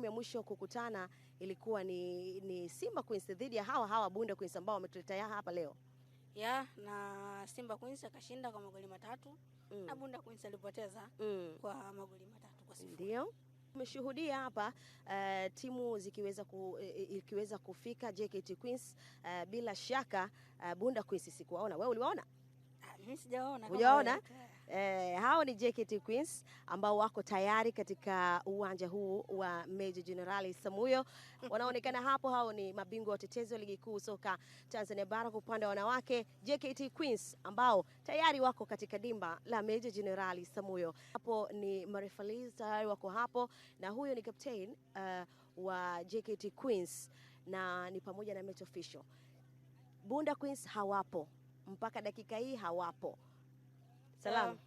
game ya mwisho kukutana ilikuwa ni, ni Simba Queens dhidi ya hawa hawa Bunda Queens ambao wametuletea hapa leo ya na Simba Queens akashinda kwa magoli matatu mm. na Bunda Queens alipoteza mm. kwa magoli matatu kwa sifuri. Ndio tumeshuhudia hapa uh, timu zikiweza ku, uh, ikiweza kufika JKT Queens uh, bila shaka uh, Bunda Queens sikuwaona, wewe uliwaona? Ah, mimi sijaona. Hujaona? Eh, hao ni JKT Queens ambao wako tayari katika uwanja huu wa Meja Jenerali Samuyo. Wanaonekana hapo, hao ni mabingwa watetezi wa ligi kuu soka Tanzania Bara kwa upande wa wanawake, JKT Queens ambao tayari wako katika dimba la Meja Jenerali Samuyo. Hapo ni marefali tayari wako hapo, na huyo ni captain uh, wa JKT Queens na ni pamoja na match official. Bunda Queens hawapo mpaka dakika hii, hawapo. Salam. Yeah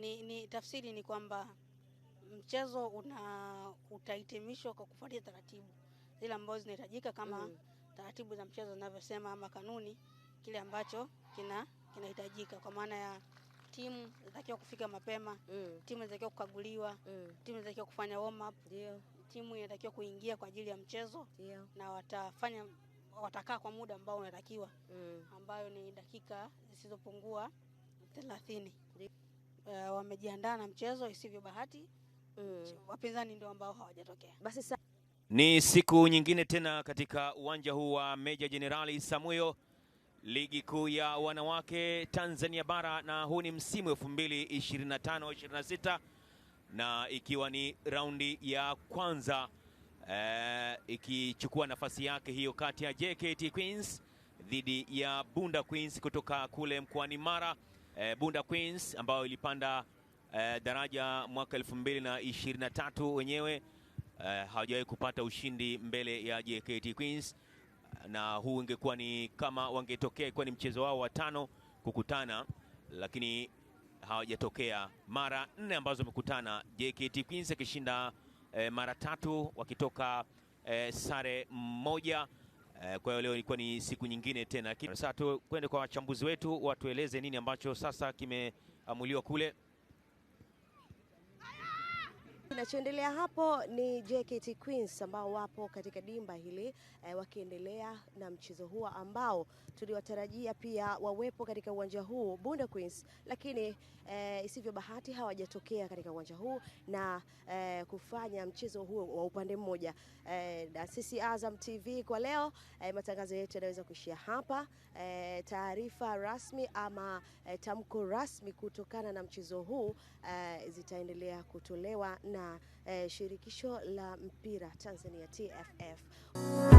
ni, ni tafsiri ni kwamba mchezo una utahitimishwa kwa kufuatia taratibu zile ambazo zinahitajika kama mm. taratibu za mchezo zinavyosema ama kanuni, kile ambacho kina kinahitajika kwa maana ya timu zinatakiwa kufika mapema mm. timu zinatakiwa kukaguliwa mm. timu zinatakiwa kufanya warm up Dio. timu inatakiwa kuingia kwa ajili ya mchezo Dio. na watafanya watakaa kwa muda ambao unatakiwa mm. ambayo ni dakika zisizopungua thelathini uh, wamejiandaa na mchezo isivyo bahati mm. Wapinzani ndio ambao hawajatokea. Basi sa ni siku nyingine tena katika uwanja huu wa Meja Jenerali Samuyo, ligi kuu ya wanawake Tanzania bara, na huu ni msimu 2025 26 na ikiwa ni raundi ya kwanza eh, ikichukua nafasi yake hiyo kati ya JKT Queens dhidi ya Bunda Queens kutoka kule mkoani Mara eh, Bunda Queens ambayo ilipanda eh, daraja mwaka 2023 wenyewe eh, hawajawahi kupata ushindi mbele ya JKT Queens, na huu ingekuwa ni kama wangetokea, ikuwa ni mchezo wao wa tano kukutana, lakini hawajatokea. Mara nne ambazo wamekutana, JKT Queens akishinda eh, mara tatu wakitoka eh, sare moja Eh, kwa hiyo leo ilikuwa ni siku nyingine tena. Sasa kwende kwa wachambuzi wetu watueleze nini ambacho sasa kimeamuliwa kule. Kinachoendelea hapo ni JKT Queens ambao wapo katika dimba hili e, wakiendelea na mchezo huo ambao tuliwatarajia pia wawepo katika uwanja huu Bunda Queens, lakini e, isivyo bahati hawajatokea katika uwanja huu na e, kufanya mchezo huo wa upande mmoja e, na sisi Azam TV kwa leo e, matangazo yetu yanaweza kuishia hapa e, taarifa rasmi ama e, tamko rasmi kutokana na mchezo huu e, zitaendelea kutolewa na eh, shirikisho la mpira Tanzania TFF.